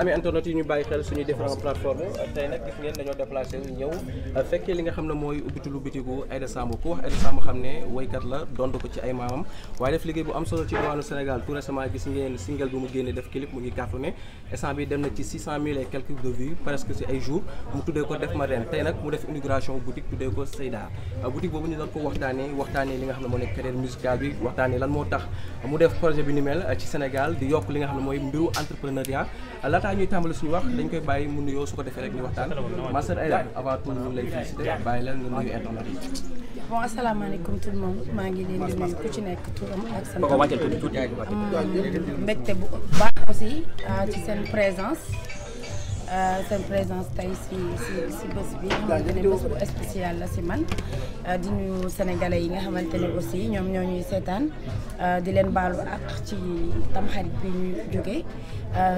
amee internet yi ñu bàyyi xel suñuy différentes fekkee li nga xam ne mooy ubbitulu bitigu Aïda xam ne woykat la dond ko ci ay maamam waaye def liggéey bu am solo ci diwaanu Sénégal tout récemment gis ngeen single bi mu génnee def clip mu dem na ci 600 et quelques de vues presque si ay jours mu tuddee ko def ma ren tey nag mu def inauguration boutique tuddee ko Seyda boutique boobu ñu doon ko waxtaanee waxtaanee li nga xam ne moo nekk carrière musicale bi waxtaanee lan moo tax mu def projet bi ni mel ci Sénégal di yokk li nga xam ne mooy mbiru entrepreneuriat laataa ñuy tàmbali suñu wax dañ koy bàyyi mu nuyoo su ko defee rek ñu waxtaan Master Aida avant tout ñu lay félicité bàyyi la nga nuyu internet yi. bon asalaamaaleykum tout le monde maa ngi leen di nuyu ku ci nekk turam ak santam mm, mbégte bu baax aussi euh, ci seen présence. Euh, seen présence tey si si si bés bi xamante ne bés bu spécial la si man euh, di nu sénégalais yi nga xamante ne aussi ñoom ñoo ñuy seetaan euh, di leen baalu ak ci tamxarit bi ñuy jógee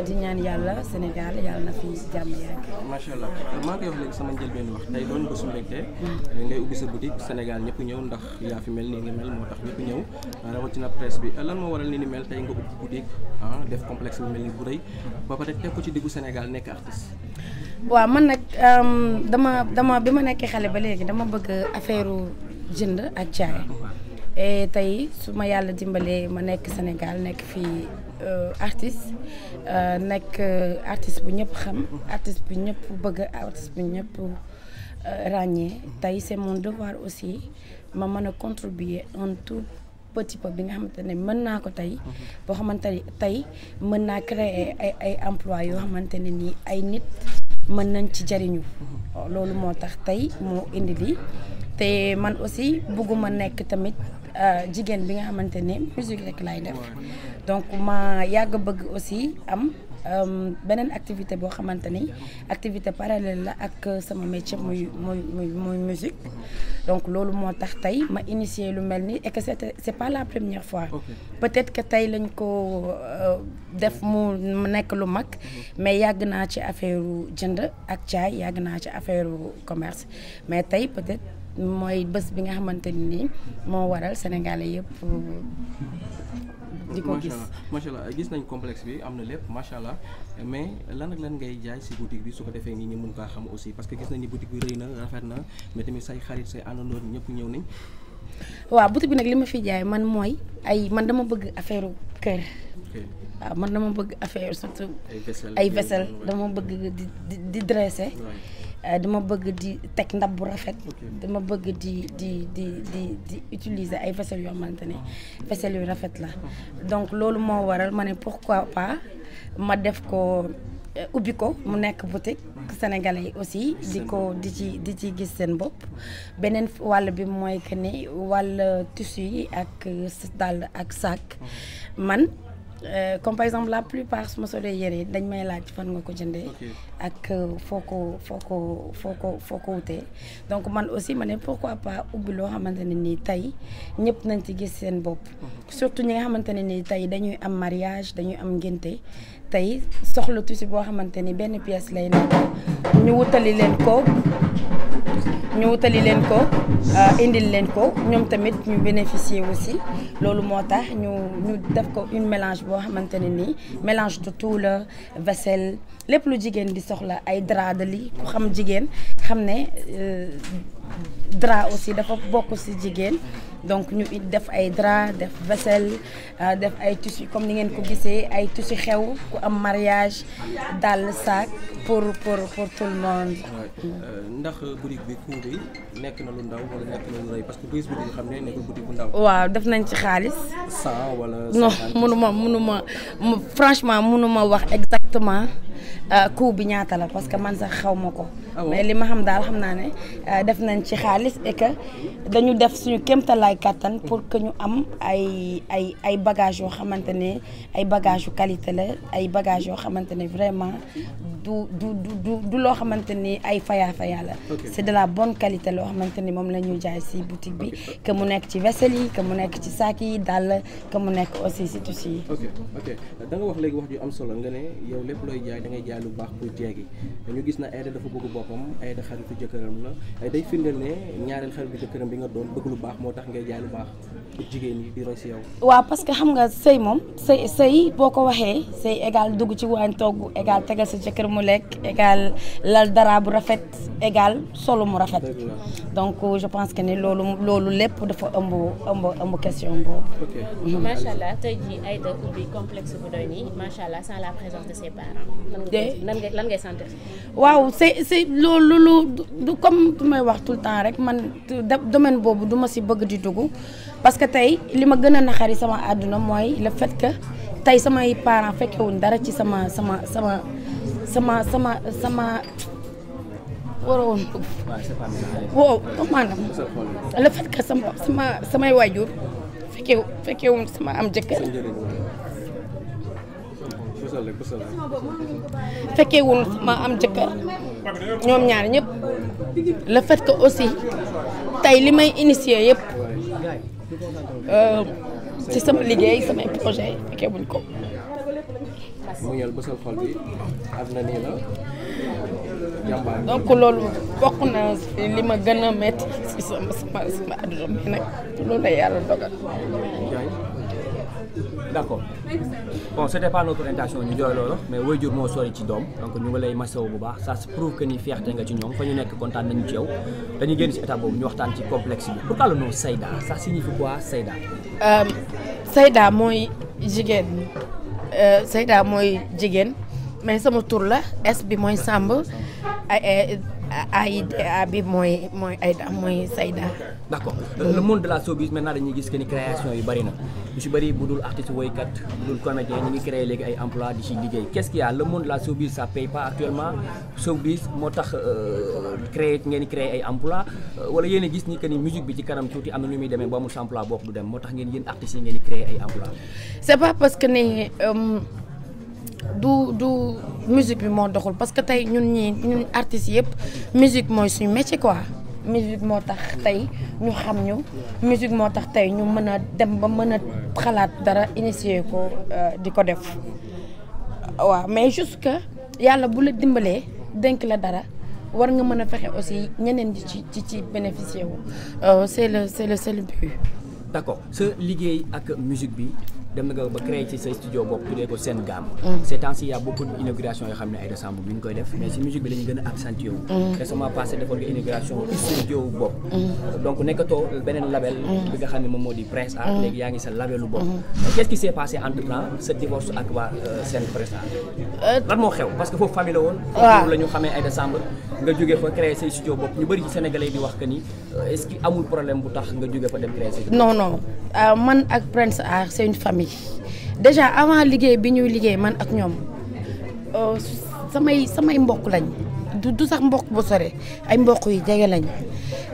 di ñaan yàlla Sénégal yàlla na fi jàmm yàgg. macha allah maa ngi koy wax léegi sama njëlbeen wax tey doon bésu mbégte. Mm. ngay ubbi sa boutique Sénégal ñëpp ñëw ndax yaa fi mel nii nga mel moo tax ñëpp ñëw ah, rawatina presse bi lan moo waral ni ni mel tey nga ubbi boutique ah def complexe bu ci diggu Sénégal nekk waaw man nag um, dama dama bi ma nekkee xale ba léegi dama bëgg affaire jënd ak jaay et tey su ma yàlla dimbalee ma nekk Sénégal nekk fii euh, artiste euh, nekk euh, artiste bu ñëpp xam artiste bu ñëpp bëgg artiste bu ñëpp ràññee tey c'est mon devoir aussi ma mën a contribuer un tout petit peu bi nga xamante ne mën naa ko tey boo xamante ne tey mën naa créer ay ay emploi yoo xamante ne nii ay nit mën nañ ci jariñu loolu moo tax tey moo indi lii te man aussi bëgguma nekk tamit euh, jigéen bi nga xamante ne musique rek laay def donc ma yàgg bëgg aussi am Euh, beneen activité boo xamante ni activité parallèle la ak euh, sama métier muy muy muy muy musique donc loolu moo tax tey ma initier lu mel ni et que c'est c'est pas la première fois peut-être que tey lañ ko euh, def mu nekk lu mag mais yàgg naa ci affaire jënd ak jaay yàgg naa ci affaire commerce mais tey peut-être mooy bés bi nga xamante ne nii moo waral sénégalais yëpp di ko gis macha allah gis nañ complexe bi am na lépp macha allah mais lan ak lan ngay jaay si boutique bi su ko defee nii ñu mun kaa xam aussi parce que gis nañ ni boutique bi rëy na rafet na mais tamit say xarit say àndandoor ñëpp ñëw nañ. waaw boutique bi nag li ma fi jaay man mooy ay man dama bëgg affaire kër. waaw man dama bëgg affaire surtout. ay vaisselle dama bëgg di di di dressé. Euh, dama bëgg di teg ndab bu rafet dama bëgg di di di di di utiliser ay vaisselle yoo xamante ne vaisselle yu rafet la donc loolu moo waral ma ne pourquoi pas ma def ko euh, ubbi ko mu nekk boutique sénégalais yi aussi di ko di ci di ci gis seen bopp beneen wàll bi mooy que ni wàll tissu yi ak euh, dàll ak sac man Euh, comme par exemple la plupart su ma solee yére yi dañ may laaj fan nga ko jënde ak euh, foo ko foo ko foo ko foo donc man aussi ma ne pourquoi pas ubbi loo xamante ne nii tey ñëpp nañ ci gis seen bopp. Mhm. surtout ñi nga xamante ne nii tey dañuy am mariage dañuy am ngénte tey soxla tusi boo xamante ni benn pièce lay nekk ñu wutali leen ko. ñu wutali leen ko euh, indil leen ko ñoom tamit ñu bénéficier aussi loolu moo tax ñu def ko une mélange boo boo xamante ne nii mélange de tout la vaisselle lépp lu jigéen di soxla ay drap de lit ku xam jigéen xam ne euh, drap aussi dafa bokk ci jigéen donc ñu it def ay drap def vaisselle euh, def ay tissu comme ni ngeen ko gisee ay tissu xew ku am mariage dàll saak pour pour pour tout monde. Euh, ndax boutique bi coût bi nekk na lu ndaw wala nekk na lu rëy ndaw. waaw def nañ ci xaalis. 100 wala. non mënu ma mënu ma franchement mënu ma wax exact exactement euh, coût bi ñaata la parce que man sax xaw ma ko. Ah mais li ma xam daal xam naa ne euh, def nañ ci xaalis et que dañu def suñu kéemtalaay kàttan pour que ñu am ay ay ay bagages yoo xamante ne ay bagages yu qualité la ay bagages yoo xamante ne vraiment. du du du du loo xamante ni ay faya faya la. c'est de la bonne qualité loo xamante moom la jaay ci boutique bi. que mu nekk ci vaisselle yi que mu nekk ci saak yi dàll que mu nekk aussi ci tissu yi. ok da nga wax léegi wax ju am solo nga ne yow lépp looy jaay da ngay jaay lu baax pour jeeg yi ñu gis na Aïda dafa bëgg boppam Aïda xaritu jëkkëram la day firndeel ne ñaareel xaritu jëkkëram bi nga doon bëgg lu baax moo tax ngay jaay lu baax pour jigéen ñi di roy ci yow. waaw parce que xam nga sëy moom mu lekk égal lal dara bu rafet égal solo mu rafet donc je pense que ni loolu loolu lépp dafa ëmb ëmb ëmb question boobu. Mhm. macha allah tey jii Aïda ubbi complexe bu doy nii macha allah la ngay lan waaw c'est c'est loolu lu du comme du may wax tout le temps rek man domaine boobu duma ma si bëgg di dugg parce que tey li ma gën a naxari sama àdduna mooy le fait que tey samay parents fekkewuñ dara ci sama sama sama. sama sama sama waroon ko waaw oh, maanaam le fait que sama sama samay waajur fekkee fekkee woon sama am jëkkër fekkee woon sama am jëkkër ñoom ñaar ñëpp le fait que aussi tey li may initier yëpp euh, ci sama liggéey samay projet fekkee wuñ ko muñal bësal xol bi àdduna nii la donc loolu bokk na li ma gën a metti si sama sama sama àdduna bi nag loolu la yàlla dogal d'accord bon c'était pas notre intention ñu jooy loolu mais waajur moo sori ci doom donc ñu ngi lay masawu bu baax ça se prouve que ni fierté nga ci ñoom fa ñu nekk kontaan nañu ci yow dañu génn ci état boobu ñu waxtaan ci complexe bi pourquoi le nom Seyda ça signifie quoi Seyda euh, Seyda mooy jigéen Euh, Seyda mooy jigéen mais sama tur la S bi mooy Samb Aïda bi mooy mooy Aïda mooy Sayda. d' accord le monde de la showbiz maintenant dañuy gis que ni création yu bëri na si bëri bu dul artiste woykat bu dul comédien ñu ngi créé léegi ay emploi di si liggéey qu' est ce qu' il y a le monde de la showbiz ça paye pas moo tax euh, créé ngeen créé ay emploi euh, wala yéen a gis ni que ni musique bi ci kanam tuuti am na nu muy demee ba mu sa emploi bopp du dem moo tax ngeen yéen artistes yi ngeen di ay emploi c' du du musique bi moo doxul parce que tey ñun ñi ñun artistes yëpp musique mooy suñu métier quoi. musique moo tax tey ñu xam ñu musique moo tax tey ñu mën a dem ba mën a xalaat dara initier ko euh, di ko def waaw mais juste que yàlla bu la dimbalee denk la dara war nga mën a fexe aussi ñeneen di ci ci ci bénéficier wu euh, c'est le c'est le c'est le but. d'accord sa liggéey ak musique bi. dem na nga ba créé ci sa studio bopp tuddee ko seen gamme. Mm. ces temps-ci y a beaucoup yoo xam ne ay décembre bi ñu koy def mais si musique bi la gën a accentué wu. Mm. récemment passé defoon nga inauguration studio bopp. Mm. donc bi nga xam ne moom moo di Art. sa labelu bopp. ak waa euh, seen Prince Art. Euh, lan moo xew parce que foofu famille woon. waaw la ñu xamee ay décembre. nga jóge fa créé say studio bopp ñu bëri ci sénégalais di wax que ni euh, est que amul problème bu tax nga jóge fa dem créé. famille déjà avant liggéey bi ñuy liggéey man ak ñoom euh, samay samay mbokk lañ du sax mbokk bu sore ay mbokk yu jege lañ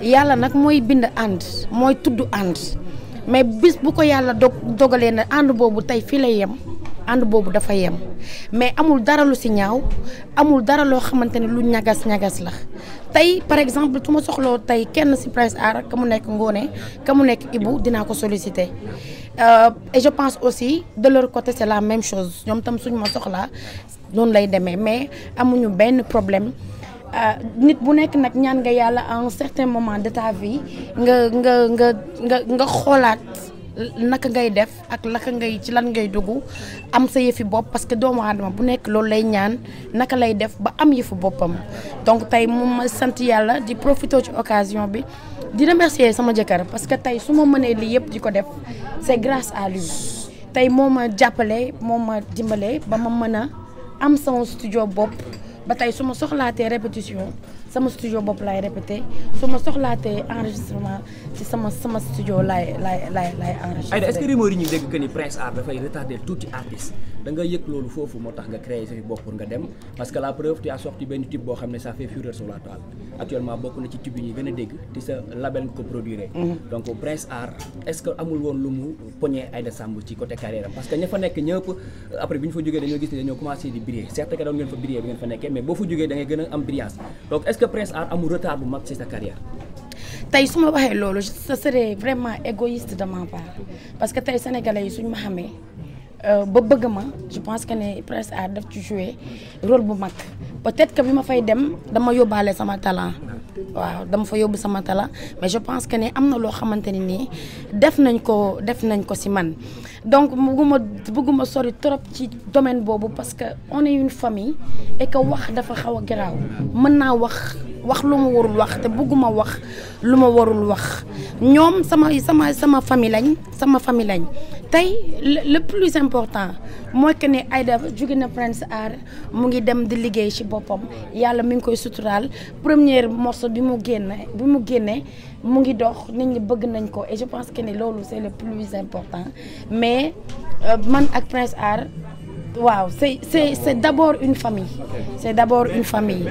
yàlla nag mooy bind ànd mooy tudd ànd mais bis bu ko yàlla dog dogalee na ànd boobu tey fii lay yem ànd boobu dafa yem mais amul dara lu si ñaaw amul dara loo xamante ne lu ñagas ñagas la tey par exemple su ma soxloo tey kenn si Prince Art ka mu nekk Ngoné ka mu nekk Ibou dinaa ko solliciter euh, et je pense aussi de leur côté c'est la même chose ñoom tam suñ ma soxlaa noonu lay demee mais amuñu benn problème euh, nit bu nekk nag ñaan nga yàlla en un certain moment de ta vie nga nga nga nga nga xoolaat. naka ngay def ak naka ngay ci lan ngay dugg am sa yëfi bopp parce que doomu aadama bu nekk loolu lay ñaan naka lay def ba am yëfu boppam donc tey moom ma sant yàlla di profité ci occasion bi di remercier sama jëkkër parce que tey su ma mënee lii yëpp di ko def c'est grâce à lui tey moo ma jàppale moo ma dimbale ba ma mën a am sama studio bopp ba tey su ma soxlaatee répétition sama studio bopp laay répété su ma soxlaatee enregistrement ci sama sama studio laay laay laay laay enregistré. dafay retardé tuuti artiste da nga loolu foofu moo tax nga créé sa bopp pour nga dem parce que la preuve tu as sorti benn tube boo xam ne ça fait fureur sur la actuellement bokk na ci a dégg te sa label nga ko produire. Mhm. donc Prince Art ne dañoo commencé di briller certes que boo fa jógee da ngay gën a am brillance que Prince Art amul retard bu mag ci sa carrière tey su ma waxee loolu ce serait vraiment égoïste de ma part parce que tey sénégalais yi suñ ma xamee euh, ba bëgg ma je pense que ne Prince Art daf ci jouer rôle bu mag peut-être que bi ma fay dem dama yóbbaale sama talent waaw dama fa yóbbu sama talent mais je pense que ne am na loo xamante ne nii def nañ ko def nañ ko si man donc bëgguma bëgguma sori trop ci domaine boobu parce que on une famille et wax dafa xaw a garaaw mën naa wax wax lu ma warul wax te bëgguma wax lu ma warul wax ñoom sama sama sama famille lañ sama famille lañ tey le plus important mooy que ne Aïda jóge na Prince Art mu ngi dem di liggéey ci boppam yàlla mi ngi koy suturaal première morso bi mu génne bi mu génne mu ngi dox nit ñi bëgg nañ ko et je pense que ne loolu c'est le plus important mais euh, man ak Prince Art waaw c'est c'est c'est d'abord une famille c'est d'abord une famille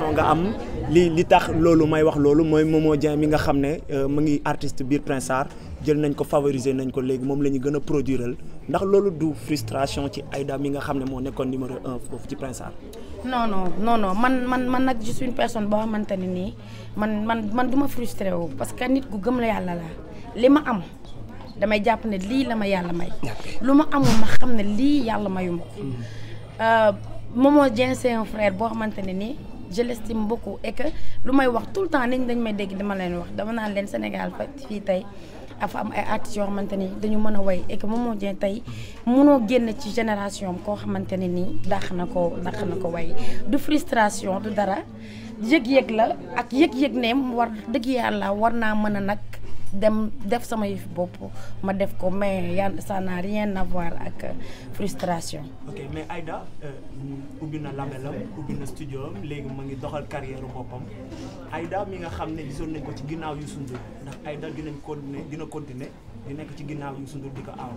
moment nga am li li tax loolu may wax loolu mooy Momo Dieng mi nga xam ne euh, mu ngi artiste biir Prince Art jël nañ ko favoriser nañ ko léegi moom la ñu gën a produiral ndax loolu du frustration ci Aïda mi nga xam ne moo nekkoon numéro un foofu ci Prince Art non non man man man nag je suis une personne boo xamante ne nii man man man du ma frustré wu parce que nit gu gëm la yàlla la li ma am damay jàpp ne lii la ma yàlla may lu ma amul ma xam ne lii yàlla mayu moom ko hmm. euh, Momo Dieng c'est frère boo xamante ne nii je l'estime beaucoup et lu may wax tout le temps nit ñi dañ may dégg dama leen wax dama naan leen Sénégal fa tey afa am ay artistes yoo xamante ni dañu mën a way et que Momo Dieng tey mënoo génn ci génération am koo xamante ne nii dàq na ko dàq na ko way du frustration du dara yëg-yëg la ak yëg-yëg ne war dëgg yàlla war naa mën a nag dem def sama yëf bopp ma def ko mais yan ça n'a rien à voir ak euh, frustration. ok mais Aïda euh, ubbi na labelam ubbi na studio am léegi ma ngi doxal carrière boppam Aïda mi nga xam ne gisoon nañ ko ci ginnaaw Youssou Ndour ndax Aïda dinañ continuer dina continuer di nekk ci ginnaaw Youssou Ndour di ko aaw.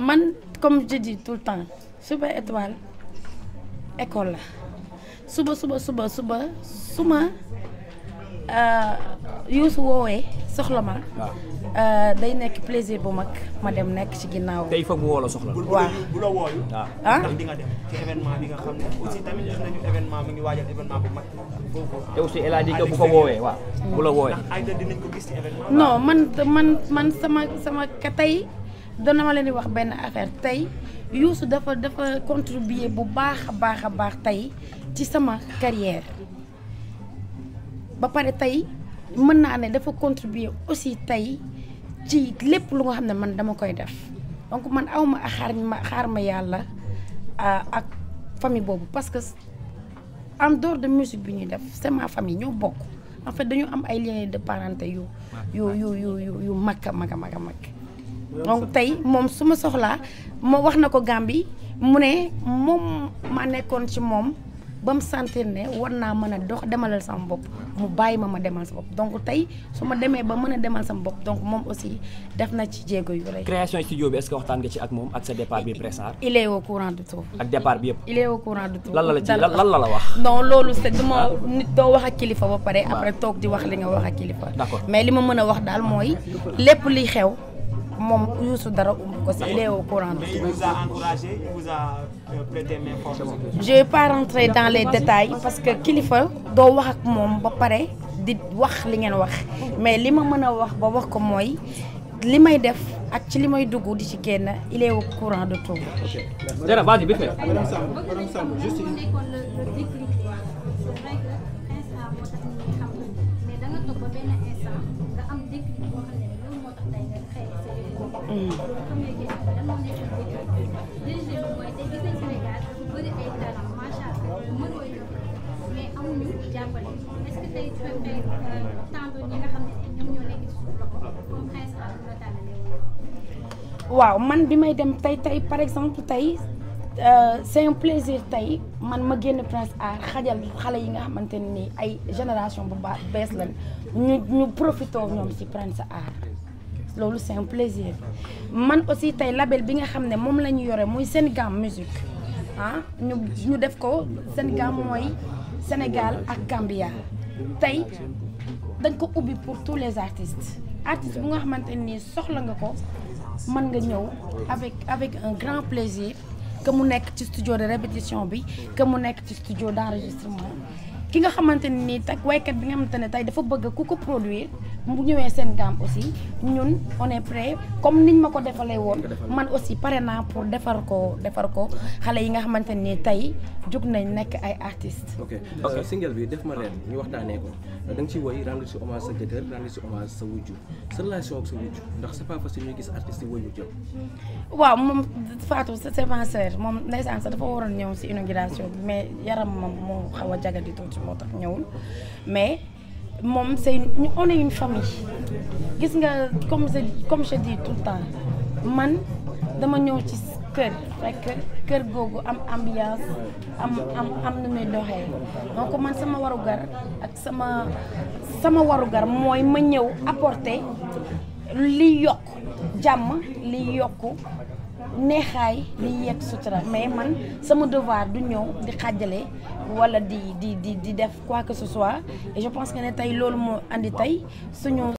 man comme je dis tout le temps Super Étoile école la suba suba suba suba suma euh, Youssou woowee. soxla ma. Euh, day nekk plaisir bu mag ma dem nekk ci ginnaaw. tey foog mu woo la soxla. waaw bu la wooyu. ah ndax di nga dem ci ah. Ah? événement bi nga xam ne. aussi tamit gis bu ko woowee bu la wooyee ndax Aïda ko gis ci événement. non man man sama sama ka tey dana ma leen wax benn affaire tey Youssou dafa dafa contribuer bu baax a baax a baax tey ci sama carrière ba pare tey. mën naa ne dafa contribuer aussi tey ci lépp lu nga xam ne man dama koy def donc man aw ma xaar ma xaar ma yàlla euh, ak famille boobu parce que en dehors de musique bi ñuy def c'est ma famille ñoo bokk en fait dañu am ay liens de parenté yu yu yu yu yu mag a mag a mag a mag donc tey moom su ma soxlaa ma wax na ko Gàmbi mu ne moom ma nekkoon ci moom ba mu sentir ne war naa mën a dox demalal sama bopp mu bàyyi ma ma demal sa bopp donc tey demee ba mën a demal sama bopp donc moom aussi def na ci jéego yu rëy. création studio bi est-ce waxtaan nga ci ak moom ak sa départ bi Pressa il courant de tout. ak départ bi yëpp. il est au courant de tout. lan la la wax. non loolu c'est du ah. nit doo wax a kilifa ba pare après toog di wax li nga wax ak kilifa. d'accord mais li ma mën a wax daal mooy lépp liy xew. moom Youssou dara umb ko sax il est au courant. mais il vous euh, pas rentrer dans les détails parce que kilifa doo wax ak moom ba pare di wax li ngeen wax mais li ma mën a wax ba wax ko mooy li may def ak ci li may dugg di ci génn il est courant de tout. waaw man bi may dem tey tey par exemple tey euh, c'est un plaisir tey man ma génn Prince Art xajal xale yi nga xamante ne nii ay génération bu baax bees lañ ñu ñu profité ñoom ci Prince Art loolu c'est un plaisir man aussi tey label bi nga xam ne moom la ñu yore muy Sénégal musique ah ñu def ko Sénégal mooy Sénégal ak Gambia tey dañ ko ubbi pour tous les artistes artiste bu nga xamante nii soxla nga ko mën nga ñëw avec avec un grand plaisir que mu nekk ci studio de répétition bi que mu nekk ci studio d'enregistrement ki nga xamante ne nii teg waykat bi nga xamante ne tey dafa bëgg ku ko produire mu ñëwee seen gamme aussi ñun on est prêt comme niñ ma ko defalee woon man aussi pare naa pour defar ko defar ko xale yi nga xamante ni tey jug nañ nekk ay artistes. ok euh, single bi def ma leen ñu waxtaanee ko da nga ci woy rendre ci hommage sa jëkkër rendre ci hommage sa wujju sa relation ak sa wujju ndax c'est pas facile ñuy gis artistes yi woyu jël waaw moom Fatou c'est ma moom ndeysaan sax dafa waroon ñëw si inauguration mais yaram moom moo xaw a jagadi tuuti moo tax ñëwul mais moom c'est on est une famille gis nga comme je comme se di tout le temps man dama ñëw ci kër fekk kër googu am ambiance am am am nu muy doxee donc man sama warugar ak sama sama warugar mooy ma ñëw apporter liy yokk jàmm liy yokk neexaay di yet sutura mais man sama devoir du ñëw di xajale walla di di di di def quoi que ce soit et je pense que ne tey loolu moo indi tey suñu